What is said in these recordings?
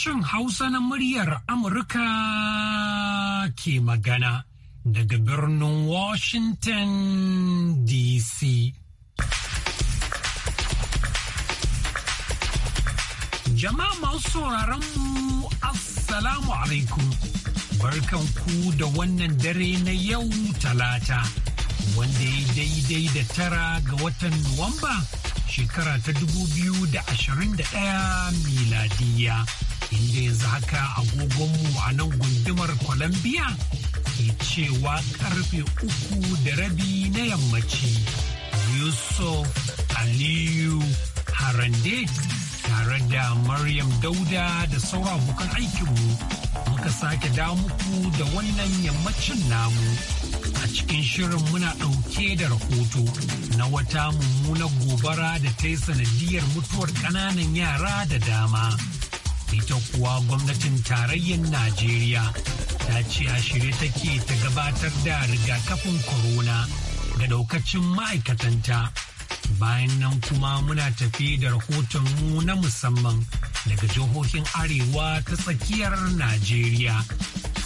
Sashen Hausa na muryar Amurka ke magana daga birnin Washington DC. Jama'a masu sauraron mu Assalamu alaikum. Barkan ku da wannan dare na yau talata, wanda ya daidai da tara ga watan Nuwamba shekara ta da da ashirin 2021 miladiya. inda yanzu haka agogonmu a nan gundumar Colombia ke cewa karfe uku da rabi na yammaci. Yusuf Aliyu Harande tare da Maryam Dauda da saura abokan aikinmu muka sake muku da wannan yammacin namu. A cikin shirin muna ɗauke da rahoto na wata mummunar gobara da ta yi sanadiyar mutuwar ƙananan yara da dama. ita kuwa gwamnatin tarayyar najeriya ta ce a shirye take ta gabatar da rigakafin corona ga daukacin ma'aikatanta bayan nan kuma muna tafi da rahoton mu na musamman daga jihohin arewa ta tsakiyar najeriya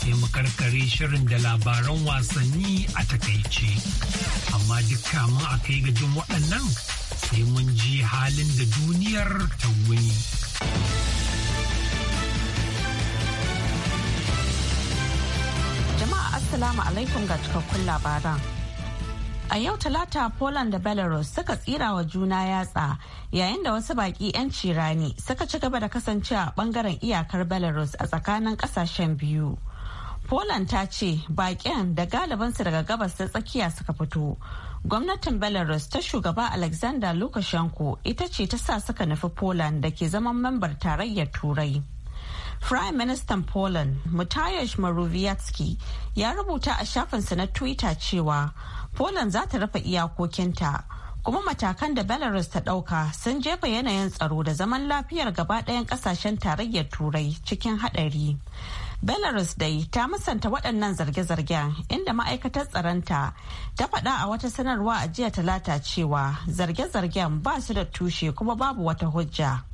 sai mu karkare shirin da labaran wasanni a takaice amma duka mun a kai gajin waɗannan sai mun ji halin da duniyar ta wuni. Assalamu alaikum ga cikakkun labaran. A yau talata Poland da Belarus suka tsira wa juna yatsa yayin da wasu baki yan cirani suka ci gaba da kasancewa bangaren iyakar Belarus a tsakanin kasashen biyu. Poland ta ce baƙin da galibansu daga gabas ta tsakiya suka fito. Gwamnatin Belarus ta shugaba Alexander Lukashenko ita ce ta sa suka nufi Poland da ke zaman mambar tarayyar Turai. Prime Minister Poland, Mateusz Morawiecki, ya rubuta a shafinsa na Twitter cewa Poland za ta rufe iyakokinta, kuma matakan da Belarus ta ɗauka sun jefa yanayin tsaro da zaman lafiyar gaba ɗayan ƙasashen tarayyar Turai cikin haɗari. Belarus dai ta musanta waɗannan zarge-zargen inda ma'aikatar tsaronta ta faɗa a wata sanarwa a jiya talata cewa zarge-zargen ba su da tushe kuma babu wata hujja.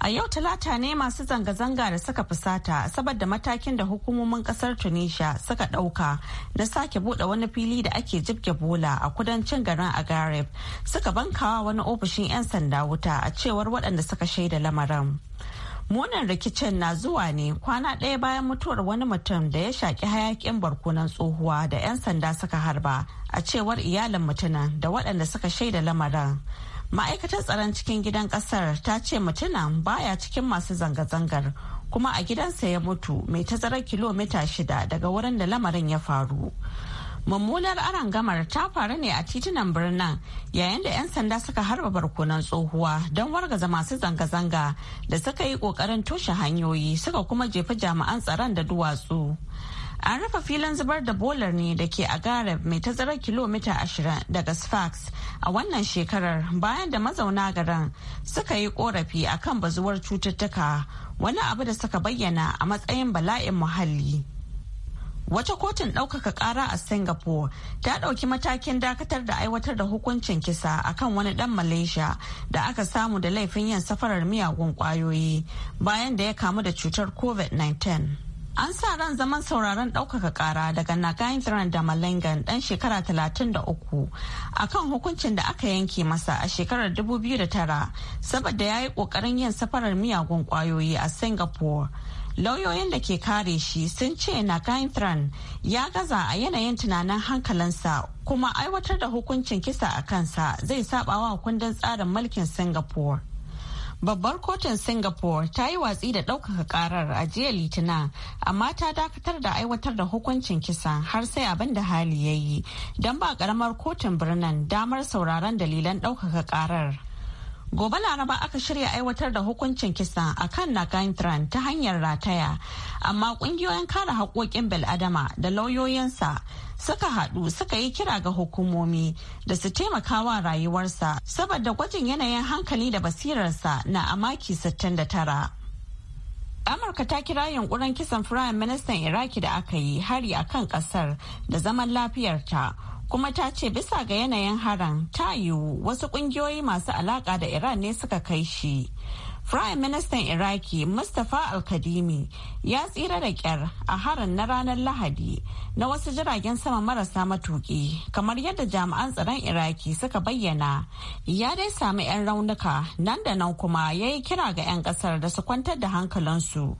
A yau talata ne masu zanga-zanga da suka fusata saboda matakin da hukumomin kasar Tunisia suka ɗauka na sake buɗe wani fili da ake jibge bola a kudancin garin Agareb suka bankawa wani ofishin 'yan sanda wuta a cewar waɗanda suka shaida lamarin. munin rikicin na zuwa ne kwana ɗaya bayan mutuwar wani mutum da ya shaƙi hayakin barkonan tsohuwa da 'yan sanda suka harba a cewar iyalin mutumin da waɗanda suka shaida lamarin ma'aikatar tsaron cikin gidan kasar ta ce mutumin baya cikin masu zanga-zangar kuma a gidansa ya mutu mai tazarar kilomita shida daga wurin da lamarin ya faru mummunar arangamar ta faru ne a titunan birnin yayin da 'yan sanda suka harba barkonan tsohuwa don wargaza masu zanga-zanga da suka yi kokarin toshe hanyoyi suka kuma jefa jami'an tsaron da duwatsu. An rufe filin zubar da bolar ne da ke a Gareb mai tazarar kilomita 20 daga Sfax a wannan shekarar bayan da mazauna garin suka yi korafi a kan bazuwar cututtuka wani abu da suka bayyana a matsayin bala'in muhalli. Wata kotun ɗaukaka ƙara a Singapore ta ɗauki matakin dakatar da aiwatar da hukuncin kisa akan wani ɗan Malaysia da aka samu da laifin yin safarar miyagun ƙwayoyi bayan da ya kamu da cutar COVID-19. An sa ran zaman sauraron ɗaukaka ƙara daga Nagaindran da Malengan ɗan shekara 33 akan hukuncin da aka yanke masa a shekarar 2009 saboda ya yi ƙoƙarin yin safarar miyagun ƙwayoyi a Singapore. Lauyoyin da ke kare shi sun ce Nagaindran ya gaza a yanayin tunanin hankalinsa kuma aiwatar da hukuncin kisa a kansa zai saɓawa kundin tsarin mulkin Singapore. babbar kotun singapore ta yi watsi da ɗaukaka karar a jiya litinin amma ta dakatar da aiwatar da hukuncin kisa har sai abin da hali ya yi don ba ƙaramar kotun birnin damar sauraron dalilan ɗaukaka karar gobe laraba aka shirya aiwatar da hukuncin kisa a kan nagantran ta hanyar rataya amma ƙungiyoyin kare haƙoƙin bil'adama da lauyoyinsa suka haɗu suka yi kira ga hukumomi da su taimaka wa rayuwarsa saboda gwajin yanayin hankali da basirarsa na a maki 69. amurka ta kira yunkurin kisan firayim ministan iraki da aka yi hari a kan kasar da zaman lafiyarta kuma ta ce bisa ga yanayin haran ta yiwu wasu kungiyoyi masu alaka da iran ne suka kai shi Prime Ministan Iraki Mustapha Al-Kadimi ya tsira da kyar a harin na ranar Lahadi na wasu jiragen sama marasa matuki kamar yadda jami'an tsaron Iraki suka bayyana ya dai sami 'yan raunuka nan da nan kuma ya yi kira ga 'yan kasar da su kwantar da hankalinsu.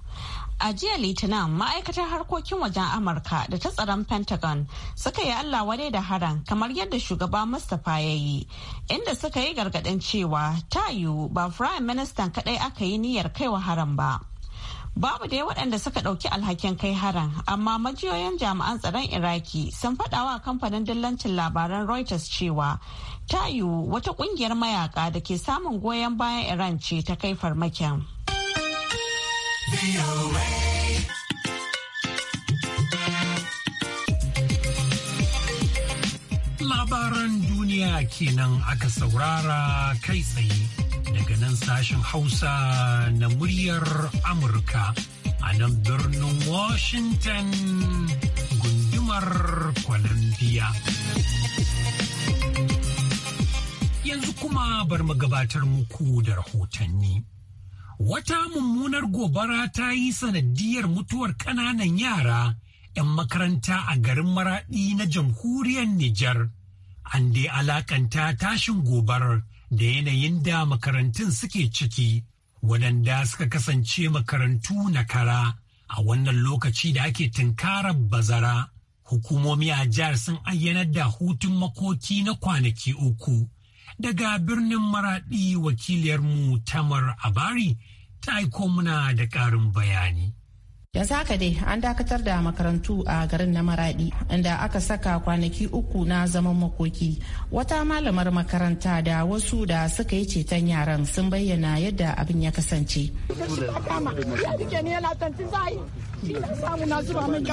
A jiya Litinin ma'aikatar harkokin wajen Amurka da ta tsaron Pentagon suka yi Allah wadai da haran kamar yadda shugaba Mustapha ya yi, inda suka yi gargadin cewa ta yiwu ba Firayim Ministan kaɗai aka yi niyyar kaiwa haran ba. Babu dai waɗanda suka ɗauki alhakin kai haran, amma majiyoyin jami'an tsaron Iraki sun faɗawa kamfanin dillancin labaran Reuters cewa ta yiwu wata ƙungiyar mayaka da ke samun goyon bayan Iran ce ta kai farmakin. Labaran duniya kenan aka saurara kai tsaye daga nan sashen Hausa na muryar Amurka a nan birnin Washington gundumar Columbia. Yanzu kuma bar mu gabatar muku da rahotanni. Wata mummunar gobara ta yi sanadiyar mutuwar ƙananan yara 'yan makaranta a garin maraɗi na jamhuriyar Nijar. An dai alakanta tashin gobarar da yanayin da makarantun suke ciki, waɗanda suka kasance makarantu na kara a wannan lokaci da ake tunkarar bazara. Hukumomi a jihar sun ayyana da hutun makoki na kwanaki uku Daga birnin Maraɗi wakiliyarmu Tamar Abari ta aiko muna da ƙarin bayani. yanzu haka dai an dakatar da makarantu a garin na maradi inda aka saka kwanaki uku na zaman makoki wata malamar makaranta da wasu da suka yi ceton yaran sun bayyana yadda abin ya kasance shi na samu na zuba min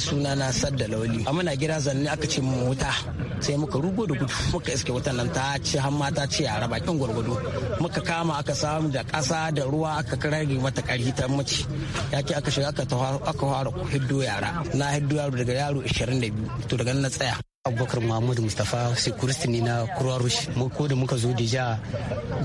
suna na sadda lauli a muna gira zanne aka ce mu wuta sai muka rugo da gudu muka iske wutan nan ta ce har mata ce yara bakin gurgudu muka kama aka samu da ƙasa da ruwa aka karage mata ƙarfi ta mace yaki aka shiga aka fara hiddo yara na hiddo yaro daga yaro 22 to daga na tsaya abubakar muhammadu mustapha security ne na Kura rush ko da muka zo ja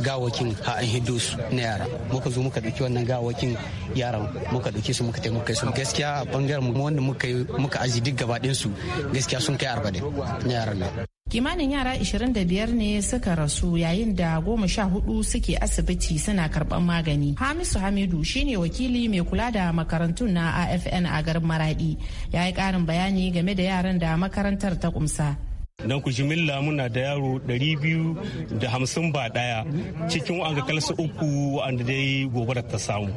gawakin a an hiddo su na yara muka zo muka ɗauki wannan gawakin yaran muka ɗauke su muka taimaka su gaskiya a bangaren mu wanda muka muka aji duk gabaɗinsu gaskiya sun kai arba'in na yaran nan kimanin yara 25 ne suka rasu yayin da goma sha hudu suke asibiti suna karban magani hamisu hamidu shine wakili mai kula da makarantun na afn a garin maradi ya yi karin bayani game da yaran da makarantar ta kumsa Don ku jimilla muna da yaro 250 ba daya cikin wa'anga kalsa uku wa'anda dai da ta samu.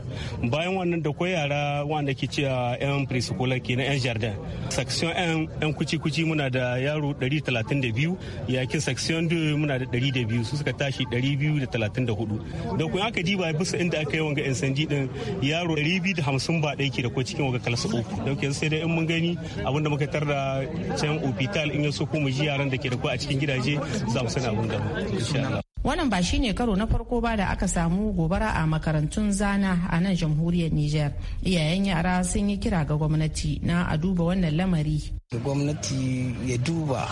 Bayan wannan da kwai yara wa'anda ke cewa 'yan preschooler ke na 'yan jardin. Section 'yan kuci-kuci muna da yaro 132 yakin section 2 muna da biyu su suka tashi 234. Da kun aka diba bisa inda aka yi wanga 'yan sanji din yaro 250 ba ɗaya ke da ko cikin wanga kalsa uku. Dauke sai dai in mun gani abinda muka tarda can opital in ya so ko mu ji yaran da ke da ku a cikin gidaje za mu sani abin da Wannan ba shi ne karo na farko ba da aka samu gobara a makarantun zana a nan jamhuriyar Nijar. Iyayen yara sun yi kira ga gwamnati na a duba wannan lamari. Gwamnati ya duba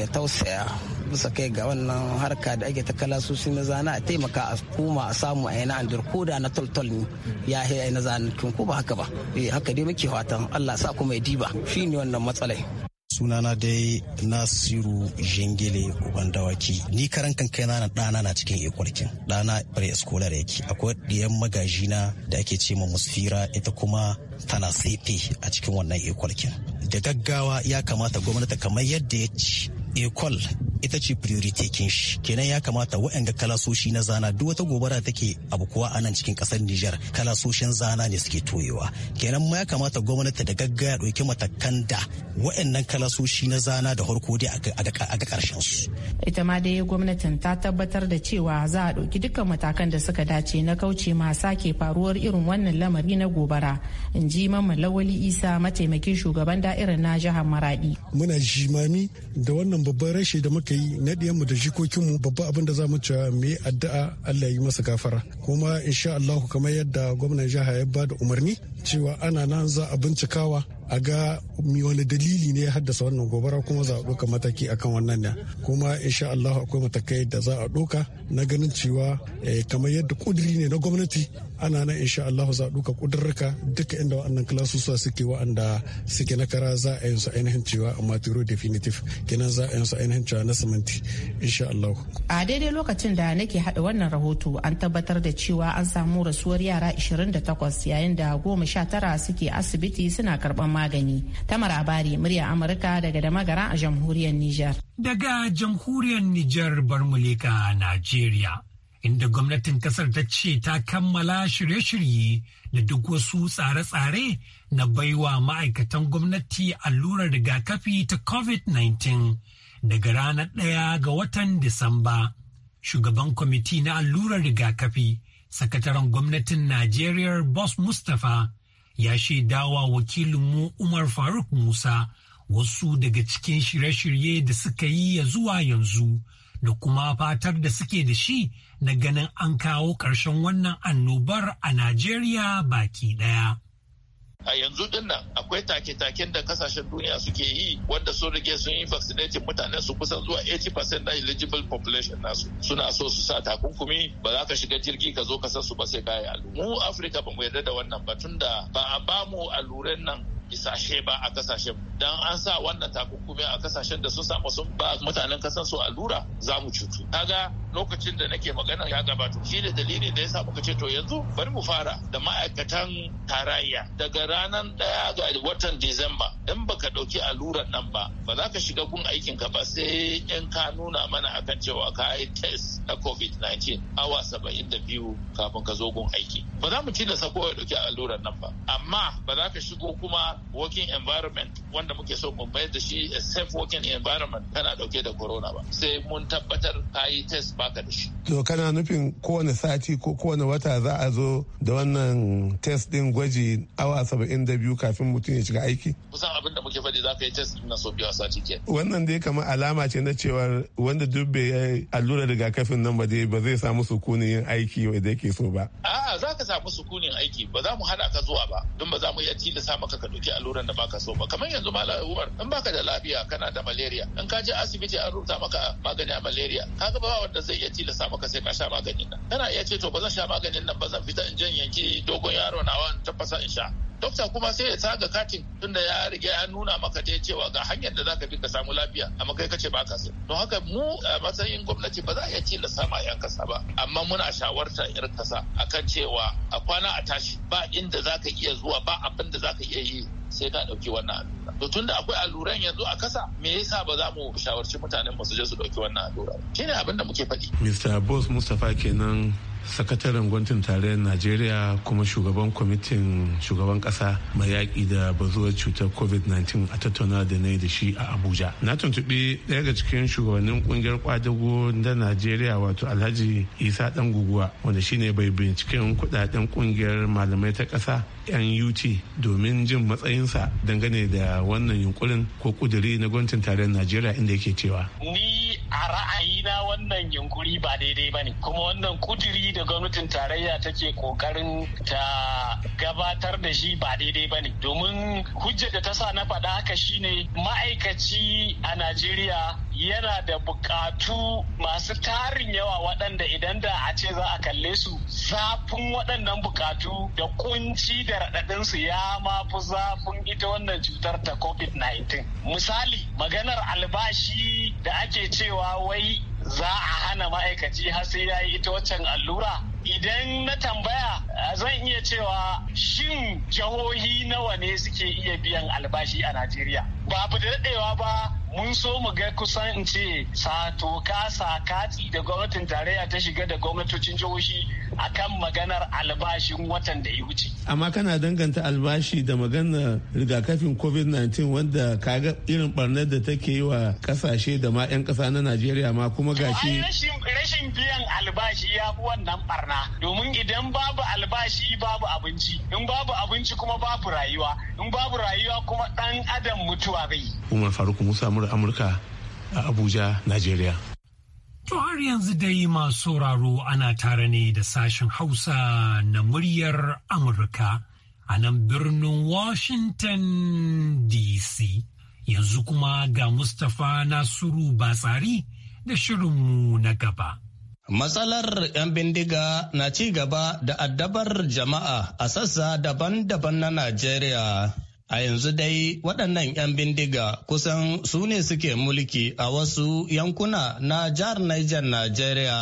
ya tausaya bisa kai ga wannan harka da ake ta su na zana a taimaka a koma a samu a yana andur ko da na toltol ne ya yi na zana ko ba haka ba. Eh, haka dai muke fatan Allah sa kuma ya diba shi ne wannan matsalai. sunana dai nasiru jingile uban dawaki ni karan kan na ɗana na cikin ikwarkin ɗana bare eskolar yake akwai diyan magajina da ake ce ma musfira ita kuma tana sefe a cikin wannan ikwarkin da gaggawa ya kamata gwamnati kamar yadda ya ci ecol ita ce priority kin shi kenan ya kamata waɗanda kalasoshi na zana duk wata gobara take abu kuwa a nan cikin kasar Nijar kalasoshin zana ne suke toyewa kenan ma ya kamata gwamnati da gaggaya ɗauki matakan da waɗannan kalasoshi na zana da harko dai a ga ƙarshen su. Ita ma dai gwamnatin ta tabbatar da cewa za a ɗauki dukkan matakan da suka dace na kauce ma sake faruwar irin wannan lamari na gobara in ji mamman Lawali Isa mataimakin shugaban da'irar na jihar Maradi. Muna jimami da wannan babban rashi da muka yi na mu da jikokinmu babban abin da za mu cewa mu yi addu'a Allah ya yi masa gafara kuma insha Allah kamar yadda gwamnan jiha ya ba da umarni cewa ana nan za a bincikawa a ga mi wani dalili ne ya haddasa wannan gobara kuma za a ɗauka mataki akan wannan ne kuma insha Allah akwai matakai da za a ɗauka na ganin cewa eh, kamar yadda kuduri ne na gwamnati ana nan insha Allah za a ɗauka kudurruka duka inda wannan kilasusuwa suke wa'anda suke na kara za a yi su ainihin cewa a matiro definitive kenan za a yi su ainihin cewa na siminti insha Allah. A daidai lokacin da nake haɗa wannan rahoto an tabbatar da cewa an samu rasuwar yara 28 yayin da goma sha tara suke asibiti suna karɓar magani tamar abari murya amurka daga da a jamhuriyar nijar daga jamhuriyar nijar mulika a najeriya inda gwamnatin kasar ta ce ta kammala shirye-shirye da duk wasu tsare-tsare na baiwa ma'aikatan gwamnati allurar rigakafi ta covid-19 daga ranar ɗaya ga watan disamba shugaban kwamiti na allurar rigakafi sakataren gwamnatin najeriya boss mustapha ya shaidawa wakilinmu Umar Faruk Musa wasu daga cikin shirye-shirye da suka yi ya zuwa yanzu da kuma fatar da suke da shi na ganin an kawo ƙarshen wannan annobar a Najeriya baki ɗaya. a yanzu din akwai take-taken da kasashen duniya suke yi wanda sun rike sun yi vaccinating mutanen su kusan zuwa 80% na eligible population nasu suna so su sa takunkumi ba za ka shiga jirgi ka zo ka san su ba sai kaya alu mu afirka ba mu yarda da wannan ba da ba a ba bamu alluran nan isashe ba a kasashen dan an sa wannan takunkumi a kasashen da sun samu sun ba mutanen kasan su allura za mu cutu kaga lokacin da nake magana ya gabato shi ne dalili da ya sa muka ce to yanzu bari mu fara da ma'aikatan tarayya daga ranar daya ga watan disamba in baka dauki allurar nan ba ba za ka shiga gun aikin ka ba sai in ka nuna mana akan cewa ka yi test na covid-19 awa saba'in da biyu kafin ka zo gun aiki ba za mu tilasta sako ya dauki allurar nan ba amma ba za ka shigo kuma working environment wanda muke so mu mayar da shi a safe working environment kana dauke da corona ba sai mun tabbatar ka yi test ba baka da shi. To kana nufin kowane sati ko kowane wata za a zo da wannan test din gwaji awa saba'in da biyu kafin mutum ya shiga aiki? Kusan abin da muke faɗi za ka yi test din na so biyu a sati ke. Wannan dai kamar alama ce na cewar wanda duk bai yi allurar rigakafin nan ba dai ba zai samu sukunin yin aiki da yake so ba. A'a za ka samu sukunin aiki ba za mu hana ka zuwa ba don ba za mu iya tilasta maka ka ɗauki allurar da baka so ba kamar yanzu malam Umar in baka da lafiya kana da malaria in ka je asibiti an rubuta maka magani a malaria kaga ba wanda zai sai iya tilasta maka sai ka sha maganin nan kana iya ce to ba zan sha maganin nan ba zan fita in jan yanki dogon yaro na wani tafasa in sha dokta kuma sai ya tsaga katin tunda ya riga ya nuna maka dai cewa ga hanyar da zaka bi ka samu lafiya amma kai kace ba ka so don haka mu a matsayin gwamnati ba za a iya tilasta ma yan kasa ba amma muna shawarta yar kasa akan cewa a kwana a tashi ba inda zaka iya zuwa ba abin da zaka iya yi sai ka ɗauki wannan allura to tunda akwai alluran yanzu a kasa me yasa ba za mu shawarci mutanen mu su je su ɗauki wannan allura shine abin da muke faɗi Mr. Boss Mustapha kenan sakataren gwamnatin tarayyar najeriya kuma shugaban kwamitin shugaban kasa mai yaƙi da bazuwar cutar covid-19 a tattauna da na yi da shi a abuja na tuntuɓi ɗaya ga cikin shugabannin ƙungiyar ƙwadago na najeriya wato alhaji isa Ɗan guguwa wanda shine bai binciken kuɗaɗen ƙungiyar malamai ta ƙasa 'yan UT domin jin matsayinsa dangane da wannan yunkurin ko kuduri na gwamnatin tarayyar Najeriya inda yake cewa. Ni a ra'ayina wannan yunkuri ba daidai ba ne, kuma wannan kuduri da gwamnatin tarayya take kokarin ta gabatar da shi ba daidai ba ne. Domin hujjar da ta sa na faɗa haka shine ma'aikaci a Najeriya yana da bukatu masu tarin yawa waɗanda idan da a ce za a kalle su zafin waɗannan bukatu da kunci da raɗaɗinsu ya ma fi zafin ita wannan cutar ta covid-19 misali maganar albashi da ake cewa wai za a hana ma'aikaci har sai ya yi ita waccan allura idan na tambaya zan iya cewa shin jihohi nawa ne suke iya biyan albashi a najeriya ba da daɗewa ba mun so mu ga kusan in ce sato ka sakati da gwamnatin tarayya ta shiga da gwamnatocin jihohi akan maganar albashin watan da ya wuce. Amma kana danganta albashi da maganar rigakafin COVID-19 wanda kaga irin barnar da take yi wa kasashe da ma 'yan kasa na Najeriya ma kuma gashi. Rashin biyan albashi ya fi wannan barna domin idan babu albashi babu abinci in babu abinci kuma babu rayuwa in babu rayuwa kuma ɗan adam mutuwa bai. Umar Faruk Musa Amurka a Abuja, Najeriya. To har yanzu dai masu sauraro ana tare ne da sashen Hausa na muryar Amurka a nan birnin Washington DC. Yanzu kuma ga Mustapha Nasiru Batsari da shirinmu na gaba. Matsalar 'yan bindiga na ci gaba da addabar jama'a a sassa daban-daban na Najeriya. A yanzu dai waɗannan 'yan bindiga kusan su ne suke mulki a wasu yankuna na jihar Niger Najeriya.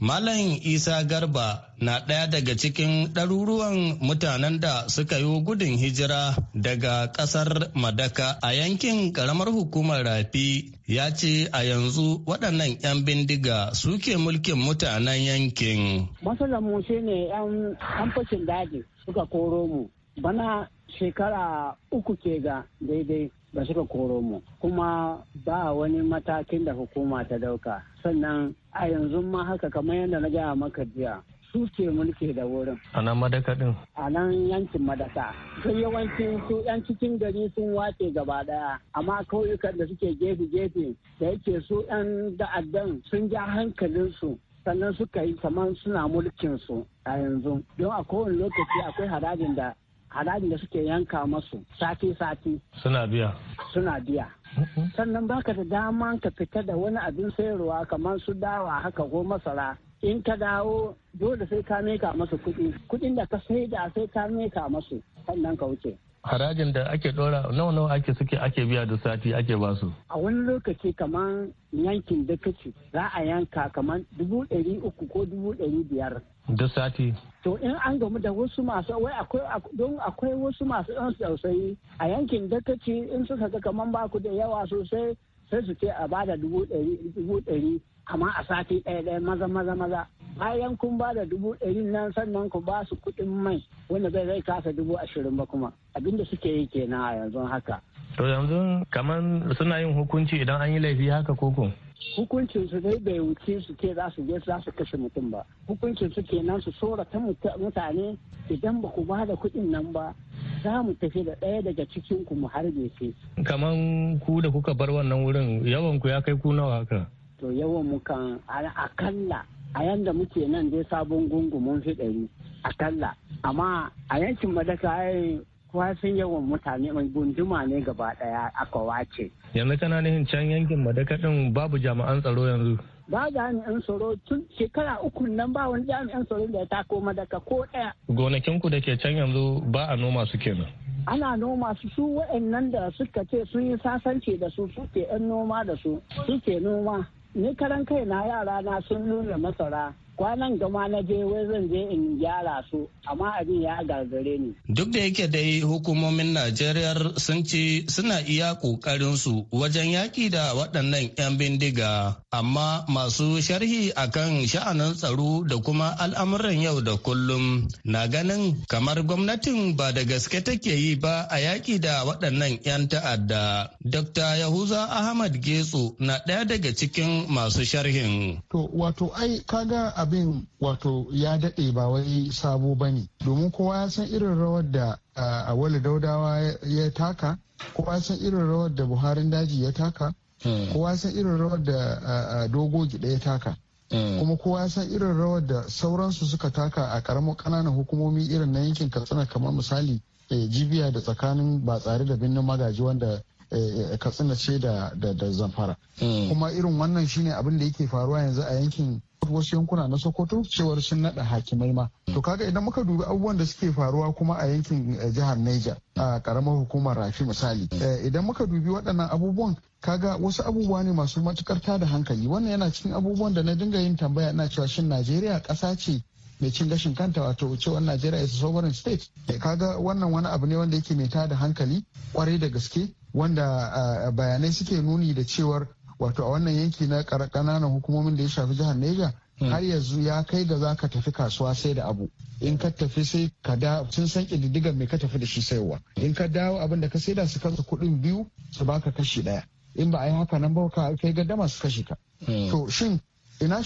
Malam Isa Garba na ɗaya daga cikin ɗaruruwan mutanen da suka yi gudun hijira daga ƙasar Madaka a yankin ƙaramar hukumar Rafi ya ce a yanzu waɗannan 'yan bindiga suke mulkin mutanen yankin. Matsalar mu shi ne 'yan fashin daji suka koro mu. Bana shekara uku ke ga daidai ba suka koro mu kuma ba wani matakin da hukuma ta dauka sannan a yanzu ma haka kamar yadda na gaya maka jiya su ke mulki da wurin. A nan madaka din? A nan yankin madaka. Sai yawancin su yan cikin gari sun wace gaba daya. Amma kauyukan da suke gefe-gefe da yake su yan da'addan sun ja hankalinsu sannan suka yi kamar suna mulkin su a yanzu. Don a kowane lokaci akwai harajin da halalin da suke yanka masu sati-sati. Suna biya. Suna biya. Sannan baka da dama ka fita da wani abin sayarwa kamar su dawa haka ko masara. In ka dawo dole sai ka meka masu kuɗi. Kuɗin da ka sai da sai ka meka masu sannan ka wuce. harajin da ake dora nawa nawa ake suke ake biya da sati ake ba su. a wani lokaci kamar yankin da kace za a yanka kamar dubu ɗari uku ko dubu ɗari biyar da sati to in an gamu da wasu masu wai akwai don akwai wasu masu yan tausayi a yankin da kace in suka ga kamar ba ku da yawa sosai sai su ce a bada dubu ɗari dubu ɗari amma a sati ɗaya ɗaya maza maza maza bayan kun ba da dubu ɗari nan sannan ku ba su kuɗin mai wanda zai zai kasa dubu ashirin ba kuma abinda suke yi kenan a yanzu haka. To yanzu kamar suna yin hukunci idan an yi laifi haka koko? Hukuncin su dai bai wuce su ke za su je za su kashe mutum ba. Hukuncin su kenan su sorata mutane idan ba ku ba da kuɗin nan ba za mu tafi da ɗaya daga cikin ku mu harbe shi. Kamar ku da kuka bar wannan wurin yawan ku ya kai ku nawa haka? To yawan mu kan akalla a yanda muke nan dai sabon gungumun fi a akalla amma a yankin madaka ai kuwa sun yawan mutane mai gunduma ne gaba ɗaya a wace. yanzu kana nihin can yankin madaka ɗin babu jami'an tsaro yanzu. ba jami'an tsaro tun shekara uku nan ba wani jami'an tsaro da ya tako madaka ko ɗaya. gonakinku da ke can yanzu ba a noma su kenan. ana noma su su nan da suka ce sun yi sasance da su suke 'yan noma da su suke noma ni karan kai na yara na sun nuna masara kwanan gama na je wai zan je in gyara su amma abin ya gargare ni. Duk da yake dai hukumomin Najeriya sun ce suna iya ƙoƙarinsu su wajen yaƙi da waɗannan 'yan bindiga amma masu sharhi akan sha'anin tsaro da kuma al'amuran yau da kullum na ganin kamar gwamnatin ba da gaske take yi ba a yaki da waɗannan 'yan ta'adda. Dr. Yahuza Ahmad Getso na ɗaya daga cikin masu sharhin. To wato ai kaga abin wato ya daɗe ba wai sabo ba ne domin kowa ya san irin rawar da awali daudawa ya taka kowa ya san irin rawar da buharin daji ya taka hmm. kowa ya san irin rawar da dogo gida ya taka hmm. kuma kowa ya san irin rawar da sauransu suka taka a karamin ƙananan hukumomi irin na yankin katsina kamar misali eh, jibiya da tsakanin ba tsare da birnin magaji wanda Eh, katsina ce da zamfara hmm. kuma irin wannan shine abin da yake faruwa yanzu a yankin wasu yankuna na sokoto cewar sun naɗa hakimai ma hmm. to kaga idan muka dubi abubuwan da suke faruwa kuma a yankin eh, jihar niger a karamar hukumar rafi misali eh, idan muka dubi waɗannan abubuwan kaga wasu abubuwa ne masu matukar da hankali wannan yana cikin abubuwan da na dinga yin tambaya ina cewa shin najeriya ƙasa ce mai cin gashin kanta wato cewa Najeriya is a sovereign state. Kaga wannan wani abu ne wanda yake mai ta da hankali kwarai da gaske wanda bayanai suke nuni da cewar wato a wannan yanki na ƙananan hukumomin da ya shafi jihar Neja hmm. har yanzu ya kai ga za ka tafi kasuwa sai da abu in ka tafi sai ka da sun san ƙididdigar mai ka tafi da shi saiwa in ka dawo abin da ka saida su kansa kuɗin biyu su baka kashi ɗaya in ba a yi haka nan ba ka kai dama su kashe ka hmm. to shin ina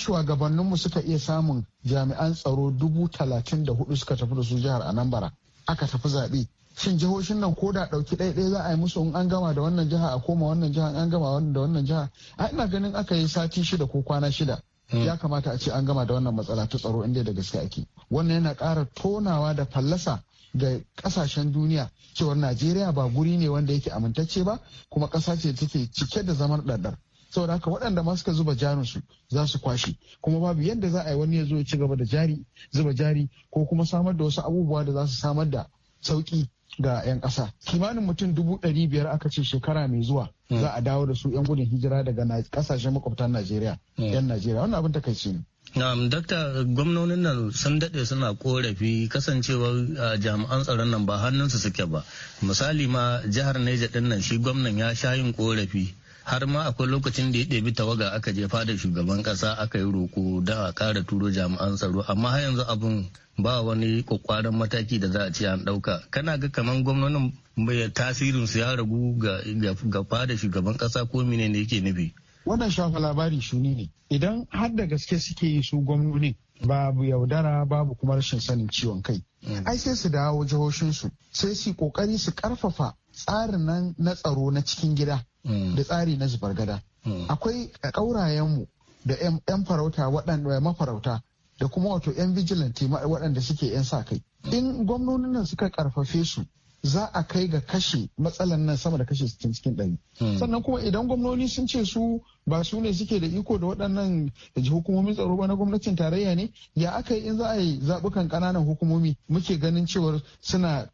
mu suka iya samun jami'an tsaro dubu talatin da hudu suka tafi da su jihar anambra aka tafi zaɓe shin jihohin nan ko da ɗauki ɗaya za a yi musu in an gama da wannan jiha a koma wannan jiha an gama da wannan jiha a ina ganin aka yi sati shida ko kwana shida hmm. ya kamata a ce an gama da wannan matsala ta tsaro inda da gaske ake wannan yana ƙara tonawa da fallasa ga kasashen duniya cewar najeriya ba guri ne wanda yake amintacce ba kuma ƙasa ce take cike da zaman ɗaɗɗar saboda haka waɗanda ma suka zuba jarinsu za su kwashe kuma babu yadda za a yi wani ya zo ya ci gaba da jari zuba jari ko kuma samar da wasu abubuwa da za su samar da sauƙi ga 'yan kasa kimanin mutum dubu ɗari biyar aka ce shekara mai zuwa hmm. za a dawo da su 'yan gudun hijira daga ƙasashen makwabtan najeriya 'yan hmm. najeriya wannan abin takaici ne Na'am, dakta gwamnonin nan sun daɗe suna korafi kasancewar jami'an tsaron nan ba hannunsu suke ba. Misali ma jihar Neja ɗin nan shi gwamnan ya sha yin korafi har ma akwai lokacin da ya ɗebi tawaga aka je fada shugaban ƙasa aka yi roko da a kara turo jami'an tsaro amma har yanzu abin ba wani kwakwaran mataki da za a ce an ɗauka kana ga kamar gwamnonin mai tasirin su ya ragu ga fada shugaban ƙasa ko mine ne yake nufi wannan shafa labari shuni ne idan har da gaske suke yi su gwamnoni babu yaudara babu kuma rashin sanin ciwon kai hmm. ai sai su dawo jihohinsu sai su kokari su karfafa tsarin nan na tsaro na cikin gida hmm. da tsari na zubar gada hmm. akwai ƙaurayenmu da 'yan farauta waɗanda mafarauta da kuma wato 'yan vigilante waɗanda suke 'yan sa kai hmm. in gwamnonin nan suka ƙarfafe su za a kai ga kashe matsalan nan sama da kashe cikin cikin ɗari. Hmm. Sannan kuma idan gwamnoni sun ce su ba su ne suke da iko da waɗannan hukumomin tsaro ba na gwamnatin tarayya ne ya aka yi in za a yi zaɓukan ƙananan hukumomi muke ganin cewar suna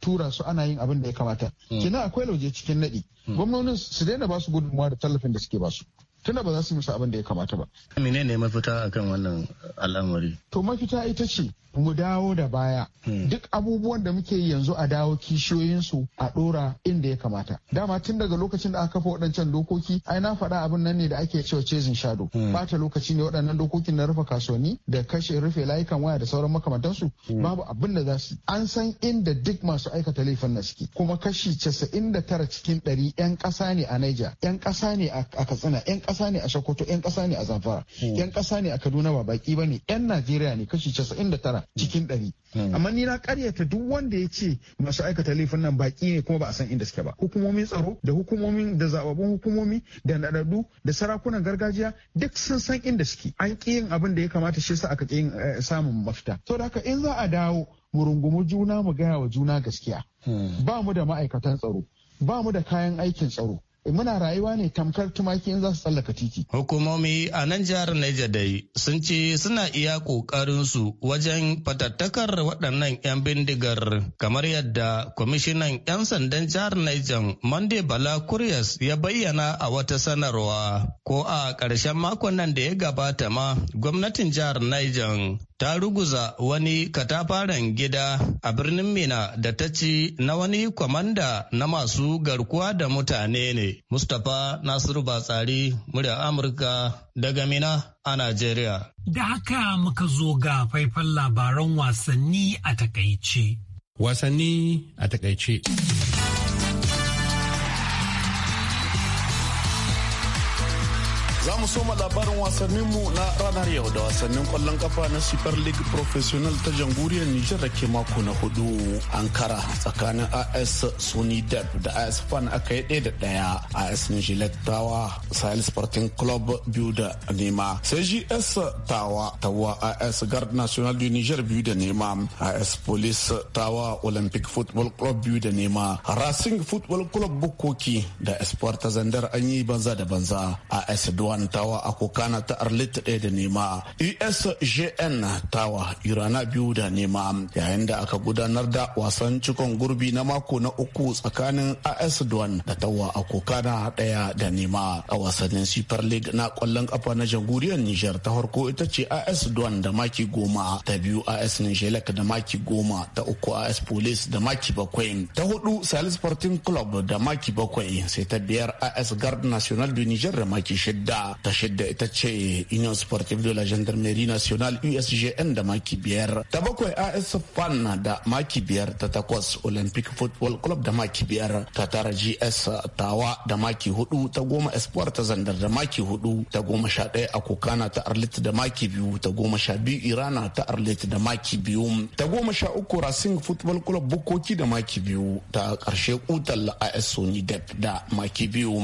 tura su ana yin abin da ya kamata. Hmm. Kina akwai lauje cikin naɗi. Hmm. Gwamnonin su daina ba su gudunmawa da tallafin da suke ba su. tunda ba za su musu abin da ya kamata ba. Mene ne mafita akan wannan al'amari? To mafita ita ce mu dawo da baya hmm. duk abubuwan da muke yanzu a dawo kishiyoyinsu a ɗora inda ya kamata. Dama tun daga lokacin da aka kafa waɗancan dokoki ai na faɗa abin nan ne da ake cewa cezin shado. Bata hmm. lokaci ne waɗannan dokokin na rufe kasuwanni da kashe rufe layukan waya da sauran makamantansu hmm. babu abin da za su an san inda duk masu aikata laifin na suke kuma kashi casa'in da tara cikin ɗari 'yan ƙasa ne a Niger 'yan ƙasa ne a Katsina 'yan kasa ne a Sokoto yan kasa ne a Zamfara yan hmm. kasa ne a Kaduna ba baki ba ne yan Najeriya ne kashi 99 hmm. cikin 100 hmm. amma ni na karyata duk wanda ya ce masu aikata laifin nan baki ne kuma ba a san inda suke ba hukumomin tsaro da hukumomin da zababbun hukumomi da nadadu da sarakunan gargajiya duk sun san inda suke an ƙi yin abin da ya kamata shi sa aka ƙi eh, samun mafita da haka in za a dawo mu rungumi juna mu gaya wa juna gaskiya ba mu da ma'aikatan tsaro ba mu da kayan aikin tsaro muna rayuwa ne tamkar tumaki za su tsallaka titi. Hukumomi a nan jihar Niger dai sun ce suna iya ƙoƙarinsu wajen fatattakar waɗannan 'yan bindigar kamar yadda kwamishinan 'yan sandan jihar Niger Monday Bala Kuryas ya bayyana a wata sanarwa ko a ƙarshen makon nan da ya gabata ma gwamnatin jihar Niger ta ruguza wani katafaren gida a birnin Mina da ta ci na wani kwamanda na masu garkuwa da mutane ne. Mustapha Nasiru Batsari, murya Amurka daga Mina a Najeriya. Da haka muka zo ga faifan labaran wasanni a takaice. Wasanni a takaice. Za mu soma labarin wasanninmu na ranar yau da wasannin kwallon kafa na Super League Professional ta jamhuriyar Nijar da ke mako na hudu. Ankara tsakanin AS Sony Deb da AS Fan aka yi ɗaya da ɗaya. AS Nijilet Tawa Sahel Sporting Club biyu da nema. Sai GS Tawa Tawa AS Guard National du Niger biyu da nema. AS Police Tawa Olympic Football Club biyu da nema. Racing Football Club Bukoki da Espoir ta Zandar an yi banza da banza. AS Duwa tawantawa a kokana ta arlit ɗaya da nema usjn tawa irana biyu da nema yayin da aka gudanar da wasan cikon gurbi na mako na uku tsakanin as duwan da tawa a kokana ɗaya da nema a wasannin super league na kwallon kafa na jamhuriyar niger ta farko ita ce as duwan da maki goma ta biyu as nijelek da maki goma ta uku as police da maki bakwai ta hudu salisportin club da maki bakwai sai ta biyar as guard national du niger da maki shidda da ta shidda ita ce union sportive de la gendarmerie nationale usgn da maki biyar ta bakwai as fan da maki biyar ta takwas olympic football club da maki biyar ta tara gs tawa da maki hudu ta goma espoir ta zandar da maki hudu ta goma sha ɗaya a kokana ta arlit da maki biyu ta goma sha biyu irana ta arlit da maki biyu ta goma sha uku racing football club bukoki da maki biyu ta Karshe kutal as sony da maki biyu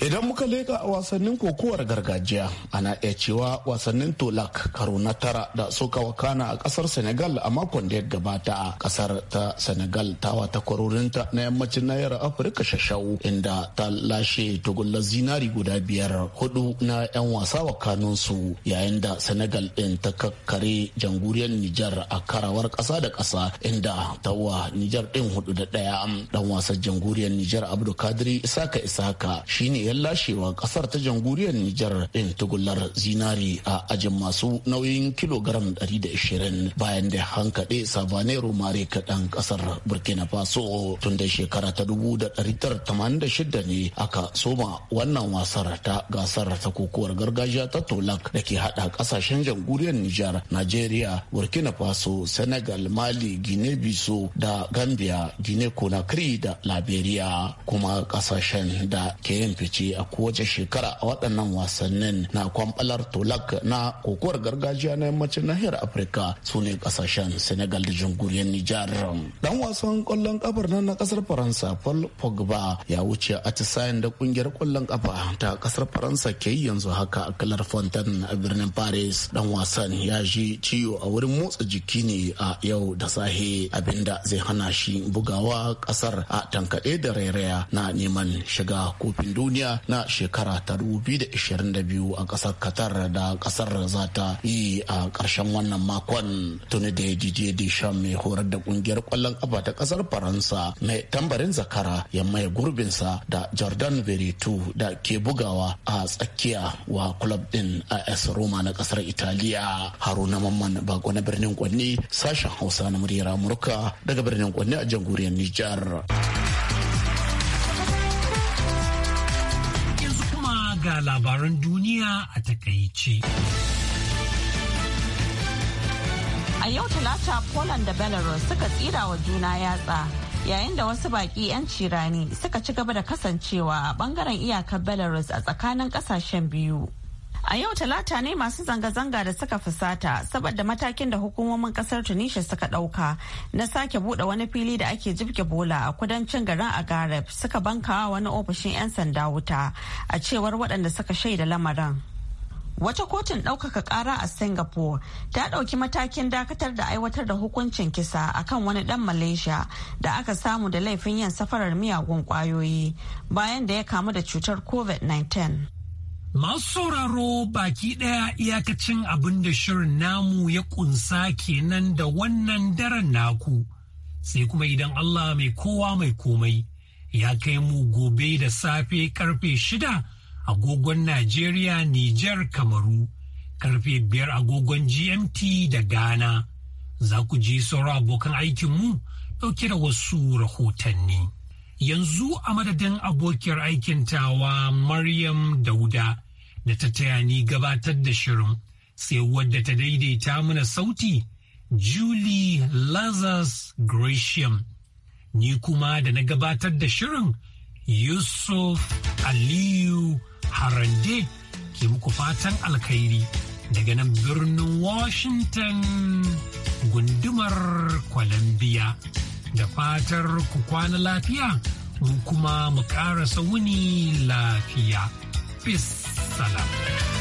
idan muka leka a wasannin kokowa kokowar gargajiya ana iya cewa wasannin tolak karo na tara da suka wakana a kasar senegal a makon da ya gabata kasar ta senegal ta wata kwarorinta na yammacin nayar afirka shashau inda ta lashe tugullar zinari guda biyar hudu na 'yan wasa wakanunsu yayin da senegal din ta kakkare janguriyar nijar a karawar kasa da kasa inda ta wa nijar din hudu da daya dan wasan janguriyar nijar abdulkadiri isaka isaka shine ya lashewa kasar ta janguriyar Nijar din tugullar zinari a ajin masu nauyin kilogram 120 bayan da hankaɗe Sabanero Mare kaɗan ƙasar Burkina Faso tun da shekara ta 1986 ne aka soma wannan wasar ta gasar ta kokowar gargajiya ta Tolak da ke haɗa ƙasashen jamhuriyar Nijar, nigeria Burkina Faso, Senegal, Mali, Guinea-Bissau da Gambia, Guinea-Conakry da Liberia kuma ƙasashen da ke yin fice a kowace shekara a waɗannan wasannin na kwamfalar tolak na kokowar gargajiya na yammacin nahiyar afirka su ne kasashen senegal da jamhuriyar nijar dan wasan kwallon kafar nan na kasar faransa paul pogba ya wuce a tisayen da kungiyar kwallon kafa ta kasar faransa ke yi yanzu haka a kalar fontan a birnin paris dan wasan ya ji ciwo a wurin motsa jiki ne a yau da sahe abinda zai hana shi bugawa kasar a tankaɗe da rairaya na neman shiga kofin duniya na shekara ta 22 a ƙasar qatar da ƙasar za ta yi a ƙarshen wannan makon tuni da jije Sha mai horar da ƙungiyar kwallon ƙafa ta ƙasar faransa mai tambarin zakara ya mai gurbinsa da jordan veretu da ke bugawa a tsakiya wa club din as roma na ƙasar italiya haruna mamman bako na birnin kwanni sashen hausa na muryar amurka daga birnin kwanni a jamhuriyar nijar. ga labaran duniya a takaice. A yau talata Poland da Belarus suka tsira wa juna yatsa yayin da wasu baƙi 'yan cirani suka ci gaba da kasancewa a bangaren iyakar Belarus a tsakanin ƙasashen biyu. A yau talata ne masu zanga-zanga da suka fusata saboda matakin da hukumomin kasar Tunisia suka ɗauka na sake buɗe wani fili da ake jibge bola a kudancin garin Agareb suka bankawa wani ofishin 'yan sanda wuta a cewar waɗanda suka shaida lamarin. Wata kotun ɗaukaka ƙara a Singapore ta ɗauki matakin dakatar da aiwatar da hukuncin kisa akan wani ɗan Malaysia da aka samu da laifin yin safarar miyagun ƙwayoyi bayan da ya kamu da cutar COVID-19. Masu sauraro baki ɗaya iyakacin abin da shirin namu ya ƙunsa kenan da wannan daren naku, sai kuma idan Allah mai kowa mai komai ya kai mu gobe da safe karfe shida agogon Najeriya, Nijar, Kamaru, karfe biyar agogon GMT da Ghana. Za ku ji sauran abokan aikinmu ɗauke da wasu rahotanni. Yanzu a madadin abokiyar aikin tawa Maryam Dauda. da ta taya ni gabatar da shirin sai wadda ta daidaita mana sauti Julie Lazarus Gratiam. Ni kuma da na gabatar da shirin Yusuf Aliyu Harande ke muku fatan alkhairi daga nan birnin Washington gundumar Columbia. Da fatar ku kwana lafiya, mu kuma mu ƙara wuni lafiya. Hafiz Salam.